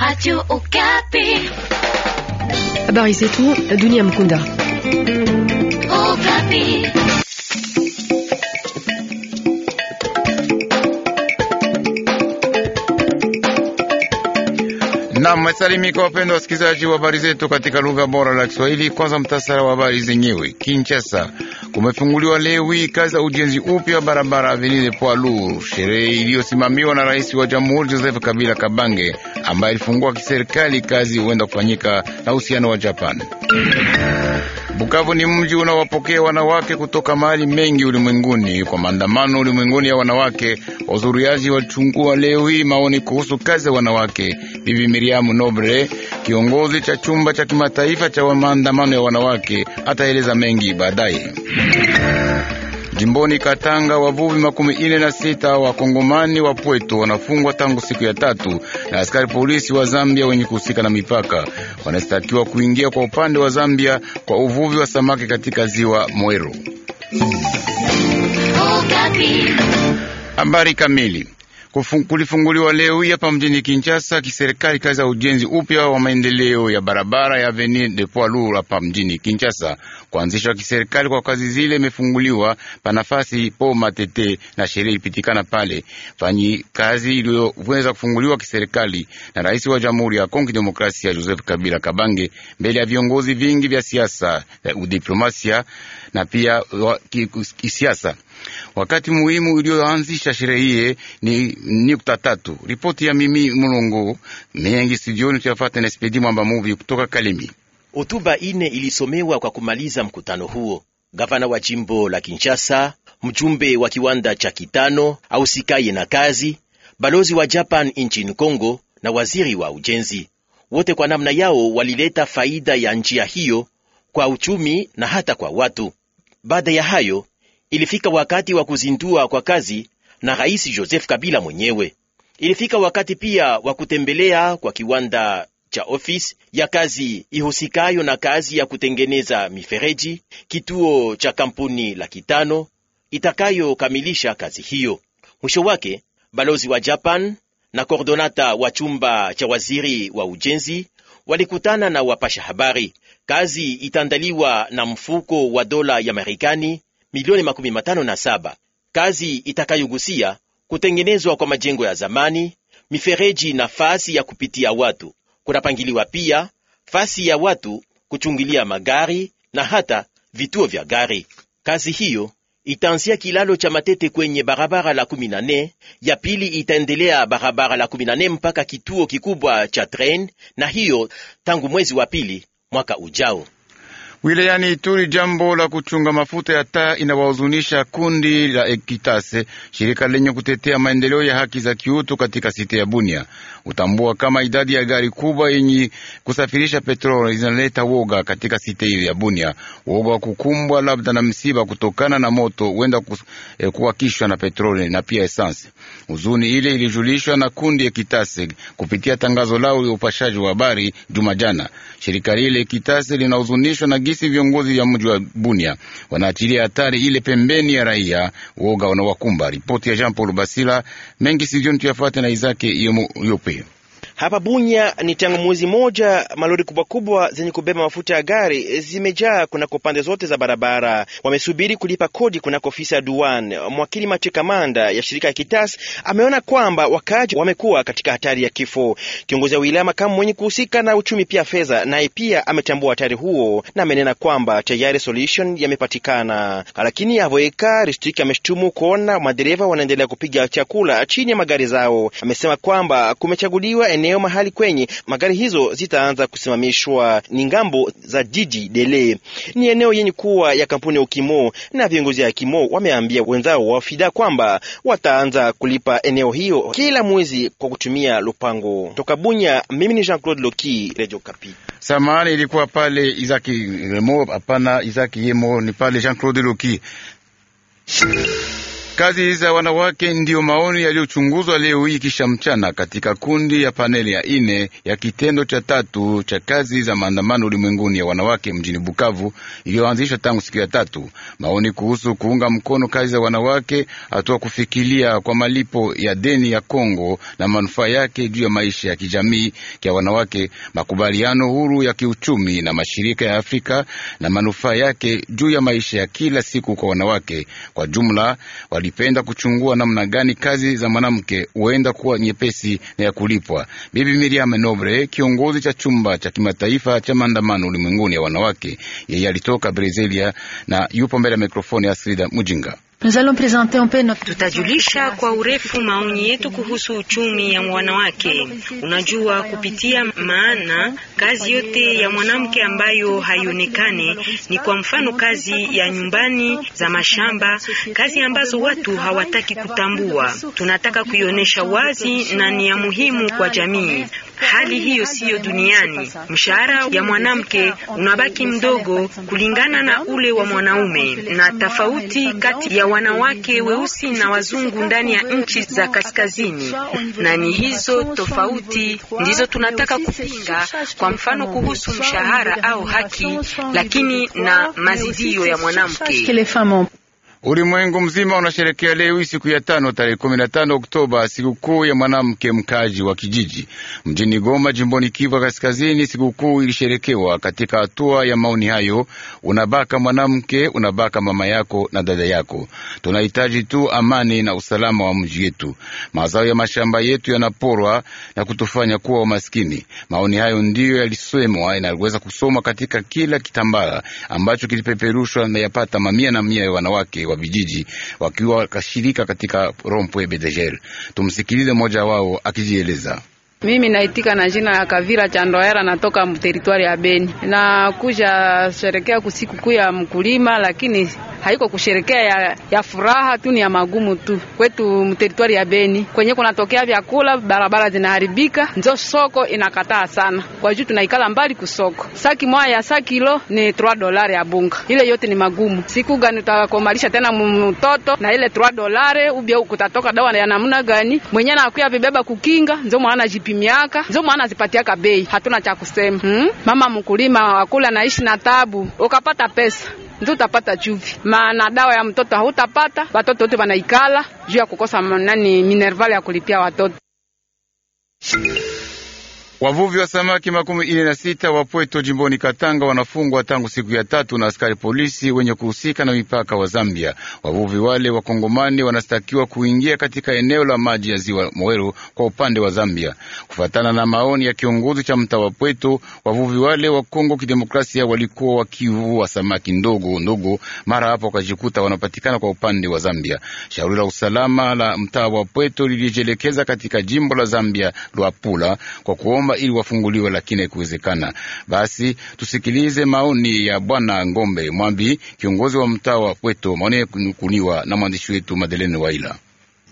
Radio Okapi. Habari zetu Dunia Mkunda. Okapi. Nam salimika wapendwa wasikilizaji wa habari zetu katika lugha bora la Kiswahili. Kwanza mtasara wa habari zenyewe. Kinshasa kumefunguliwa leo hii kazi za ujenzi upya wa barabara Avenue Poilu, sherehe iliyosimamiwa na rais wa jamhuri Joseph Kabila Kabange ambaye alifungua kiserikali kazi huenda kufanyika na uhusiano wa Japan. Bukavu ni mji unaowapokea wanawake kutoka mahali mengi ulimwenguni kwa maandamano ulimwenguni ya wanawake. Wazuriaji walichungua leo hii maoni kuhusu kazi za wanawake. Bibi Miriamu Nobre, kiongozi cha chumba cha kimataifa cha maandamano ya wanawake, ataeleza mengi baadaye. Jimboni Katanga, wavuvi makumi ine na sita wa Kongomani wa Pweto wanafungwa tangu siku ya tatu na askari polisi wa Zambia wenye kuhusika na mipaka. Wanastakiwa kuingia kwa upande wa Zambia kwa uvuvi wa samaki katika ziwa mwero oh, Habari kamili kulifunguliwa leo hii hapa mjini Kinshasa kiserikali kazi ya ujenzi upya wa maendeleo ya barabara ya Avenue de Poilu hapa mjini Kinshasa. Kuanzishwa kiserikali kwa kazi zile imefunguliwa pa nafasi po Matete na sheria ilipitikana pale fanyi kazi iliyoweza kufunguliwa kiserikali na rais wa Jamhuri ya Kongo Demokrasia Joseph Kabila Kabange mbele ya viongozi vingi vya siasa, eh, udiplomasia na pia kisiasa Wakati muhimu ulioanzisha sherehe hiye ni nukta tatu. Ripoti ya mimi Mulongo mengi studioni tuyafata na Spedi Mwamba Muvi kutoka Kalemi. Hotuba ine ilisomewa kwa kumaliza mkutano huo. Gavana wa jimbo la Kinshasa, mjumbe wa kiwanda cha Kitano ausikaye na kazi, balozi wa Japan nchini Congo na waziri wa ujenzi, wote kwa namna yao walileta faida ya njia hiyo kwa uchumi na hata kwa watu. Baada ya hayo Ilifika wakati wa kuzindua kwa kazi na Rais Joseph Kabila mwenyewe. Ilifika wakati pia wa kutembelea kwa kiwanda cha ofisi ya kazi ihusikayo na kazi ya kutengeneza mifereji, kituo cha kampuni la kitano itakayokamilisha kazi hiyo. Mwisho wake balozi wa Japan na kordonata wa chumba cha waziri wa ujenzi walikutana na wapasha habari. Kazi itaandaliwa na mfuko wa dola ya Marekani milioni makumi matano na saba, kazi itakayogusia kutengenezwa kwa majengo ya zamani, mifereji na fasi ya kupitia watu. Kunapangiliwa pia fasi ya watu kuchungilia magari na hata vituo vya gari. Kazi hiyo itaanzia kilalo cha Matete kwenye barabara la 14, ya pili itaendelea barabara la 14 mpaka kituo kikubwa cha tren, na hiyo tangu mwezi wa pili mwaka ujao. Wilayani Ituri, jambo la kuchunga mafuta ya taa inawahuzunisha kundi la Ekitase, shirika lenye kutetea maendeleo ya haki za kiutu katika site ya Bunia. Utambua kama idadi ya gari kubwa yenye kusafirisha petroli zinaleta woga katika site hiyo ya Bunia, woga wa kukumbwa labda na msiba kutokana na moto huenda e, kuwakishwa na petroli na pia esansi. Huzuni ile ilijulishwa na kundi Ekitase kupitia tangazo lao ya upashaji wa habari juma jana. Shirika lile Ekitase linahuzunishwa na gisi viongozi vya mji wa Bunia wanaachilia hatari ile pembeni ya raia, woga wanawakumba. Ripoti ya Jean Paul Basila mengi sivyoni tuyafuate na izake yope hapa Bunya ni tangu mwezi moja, malori kubwa kubwa zenye kubeba mafuta ya gari zimejaa kunako pande zote za barabara. Wamesubiri kulipa kodi kunako ofisi ya Duan. Mwakili Mathieu Kamanda ya shirika ya Kitas ameona kwamba wakaaji wamekuwa katika hatari ya kifo. Kiongozi wa wilaya makamu mwenye kuhusika na uchumi pia fedha, naye pia ametambua hatari huo na amenena kwamba tayari solution yamepatikana, lakini avoeka ristiki ameshtumu kuona madereva wanaendelea kupiga chakula chini ya magari zao. Amesema kwamba kumechaguliwa eneo maeneo mahali kwenye magari hizo zitaanza kusimamishwa ni ngambo za jiji Dele. Ni eneo yenye kuwa ya kampuni ya Ukimo, na viongozi ya Kimo wameambia wenzao wafida kwamba wataanza kulipa eneo hiyo kila mwezi kwa kutumia lupango. Toka Bunya, mimi ni Jean-Claude Loki, Radio Kapi. Samahani, ilikuwa pale Izaki Remo, hapana Izaki Yemo, ni pale Jean-Claude Loki kazi za wanawake ndiyo maoni yaliyochunguzwa leo hii kisha mchana katika kundi ya paneli ya ine ya kitendo cha tatu cha kazi za maandamano ulimwenguni ya wanawake mjini Bukavu iliyoanzishwa tangu siku ya tatu. Maoni kuhusu kuunga mkono kazi za wanawake, hatua kufikilia kwa malipo ya deni ya Kongo na manufaa yake juu ya maisha ya kijamii ya wanawake, makubaliano huru ya kiuchumi na mashirika ya Afrika na manufaa yake juu ya maisha ya kila siku kwa wanawake kwa jumla wali alipenda kuchungua namna gani kazi za mwanamke huenda kuwa nyepesi na ya kulipwa. Bibi Miriam Nobre, kiongozi cha chumba cha kimataifa cha maandamano ulimwenguni ya wanawake, yeye alitoka Brezilia na yupo mbele ya mikrofoni ya Asrida Mujinga. Tutajulisha kwa urefu maoni yetu kuhusu uchumi ya wanawake. Unajua, kupitia maana kazi yote ya mwanamke ambayo haionekani ni kwa mfano kazi ya nyumbani, za mashamba, kazi ambazo watu hawataki kutambua. Tunataka kuionyesha wazi na ni ya muhimu kwa jamii. Hali hiyo siyo duniani. Mshahara ya mwanamke unabaki mdogo kulingana na ule wa mwanaume na tofauti kati ya wanawake weusi na wazungu ndani ya nchi za kaskazini, na ni hizo tofauti ndizo tunataka kupinga, kwa mfano kuhusu mshahara au haki, lakini na mazidio ya mwanamke. Ulimwengu mzima unasherekea leo siku ya tano tarehe 15 Oktoba, sikukuu ya mwanamke mkaji wa kijiji mjini Goma, jimboni Kivu Kaskazini. Sikukuu ilisherekewa katika hatua ya maoni hayo, unabaka mwanamke, unabaka mama yako na dada yako. Tunahitaji tu amani na usalama wa mji yetu. Mazao ya mashamba yetu yanaporwa na kutufanya kuwa umaskini Maoni hayo ndiyo yalisemwa, inaweza kusoma katika kila kitambara ambacho kilipeperushwa na yapata mamia na mia ya wanawake wa vijiji wakiwa wakashirika katika Rompwe Bedegel. Tumsikilize mmoja wao akijieleza. Mimi naitika na jina ya Kavira Chandoera, natoka mteritwari ya Beni, nakuja sherekea kusiku kuu ya mkulima, lakini haiko kusherekea ya, ya furaha tu, ni ya magumu tu kwetu mteritwari ya Beni kwenye kunatokea vyakula, barabara zinaharibika, njo soko inakataa sana kwa juu tunaikala mbali kusoko. Saki mwaya saki kilo ni 3 dolari ya bunga, ile yote ni magumu. Siku gani utakomalisha tena mtoto na ile 3 dolari? Ubia kutatoka dawa ya namna gani? Mwenye nakuya vibeba kukinga, njo maana jipimiaka, njo maana zipatiaka bei. Hatuna cha kusema hmm? Mama mkulima wakula naishi na tabu, ukapata pesa ndio utapata chuvi, maana dawa ya mtoto hautapata. Watoto wote wanaikala juu ya kukosa nani minerval ya kulipia watoto Wavuvi wa samaki makumi ine na sita wa Pweto jimboni Katanga wanafungwa tangu siku ya tatu na askari polisi wenye kuhusika na mipaka wa Zambia. Wavuvi wale wakongomani wanastakiwa kuingia katika eneo la maji ya ziwa Mweru kwa upande wa Zambia. Kufatana na maoni ya kiongozi cha mtaa wa Pweto, wavuvi wale wa Kongo Kidemokrasia walikuwa wakivua samaki ndogo ndogo, mara hapo wakajikuta wanapatikana kwa upande wa Zambia. Shauri la usalama la mtaa wa Pweto lilijielekeza katika jimbo la Zambia Luapula kwa kuomba kuomba ili wafunguliwe, lakini haikuwezekana. Basi tusikilize maoni ya bwana Ngombe Mwambi, kiongozi wa mtaa wa Pweto, maoni yakunukuniwa na mwandishi wetu Madeleni Waila.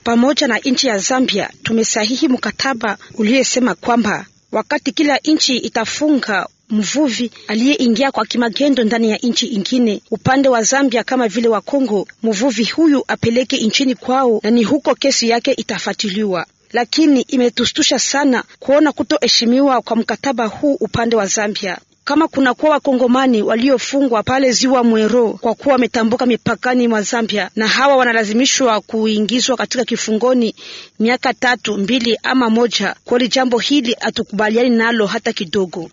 Pamoja na nchi ya Zambia tumesahihi mkataba uliyesema kwamba wakati kila nchi itafunga mvuvi aliyeingia kwa kimagendo ndani ya nchi ingine, upande wa Zambia kama vile wa Kongo, mvuvi huyu apeleke nchini kwao, na ni huko kesi yake itafatiliwa lakini imetushtusha sana kuona kutoheshimiwa kwa mkataba huu upande wa Zambia kama kunakuwa wakongomani waliofungwa pale ziwa Mwero kwa kuwa wametambuka mipakani mwa Zambia, na hawa wanalazimishwa kuingizwa katika kifungoni miaka tatu, mbili ama moja. Kweli jambo hili hatukubaliani nalo hata kidogo.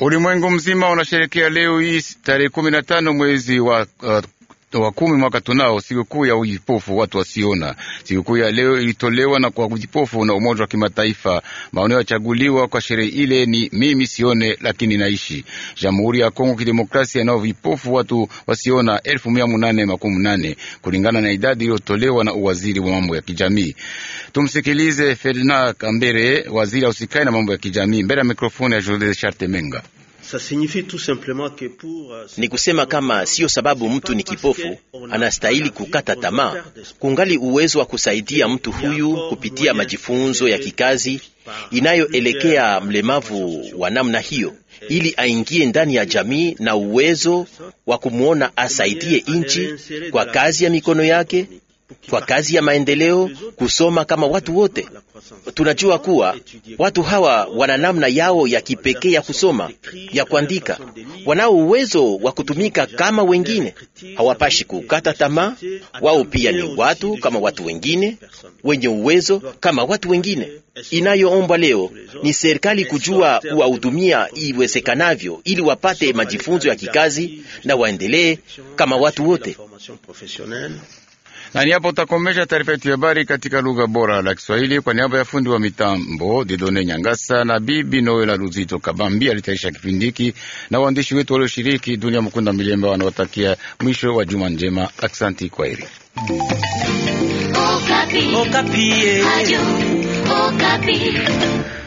Ulimwengu mzima unasherekea leo hii tarehe kumi na tano mwezi wa uh, wa kumi mwaka tunao sikukuu ya ujipofu watu wasiona. Sikukuu ya leo ilitolewa na kwa ujipofu na Umoja wa Kimataifa. Maoni yachaguliwa kwa sherehe ile ni mimi sione lakini naishi. Jamhuri ya Kongo Kidemokrasia inao vipofu watu wasiona elfu mia makumi nane kulingana na idadi iliyotolewa na uwaziri wa mambo ya kijamii. Tumsikilize Ferdinand Kambere, waziri ausikai na mambo ya kijamii, mbele ya mikrofoni ya Jose Charte Menga. Euh, ni kusema kama siyo sababu mtu ni kipofu anastahili kukata tamaa. Kungali uwezo wa kusaidia mtu huyu kupitia majifunzo ya kikazi inayoelekea mlemavu wa namna hiyo, ili aingie ndani ya jamii na uwezo wa kumwona asaidie nchi kwa kazi ya mikono yake kwa kazi ya maendeleo, kusoma kama watu wote. Tunajua kuwa watu hawa wana namna yao ya kipekee ya kusoma, ya kuandika, wanao uwezo wa kutumika kama wengine, hawapashi kukata tamaa. Wao pia ni watu kama watu wengine, wenye uwezo kama watu wengine. Inayoombwa leo ni serikali kujua kuwahudumia iwezekanavyo, ili wapate majifunzo ya kikazi na waendelee kama watu wote. Na niapo utakomesha taarifa yetu ya habari katika lugha bora la Kiswahili kwa niaba ya fundi wa mitambo Didone Nyangasa na bibi Noela Luzito Kabambi alitaisha kipindi hiki na waandishi wetu walioshiriki. Dunia Mkunda Milemba wanawatakia mwisho wa juma njema. Aksanti, kwa heri. Okapi. Okapi. Eh.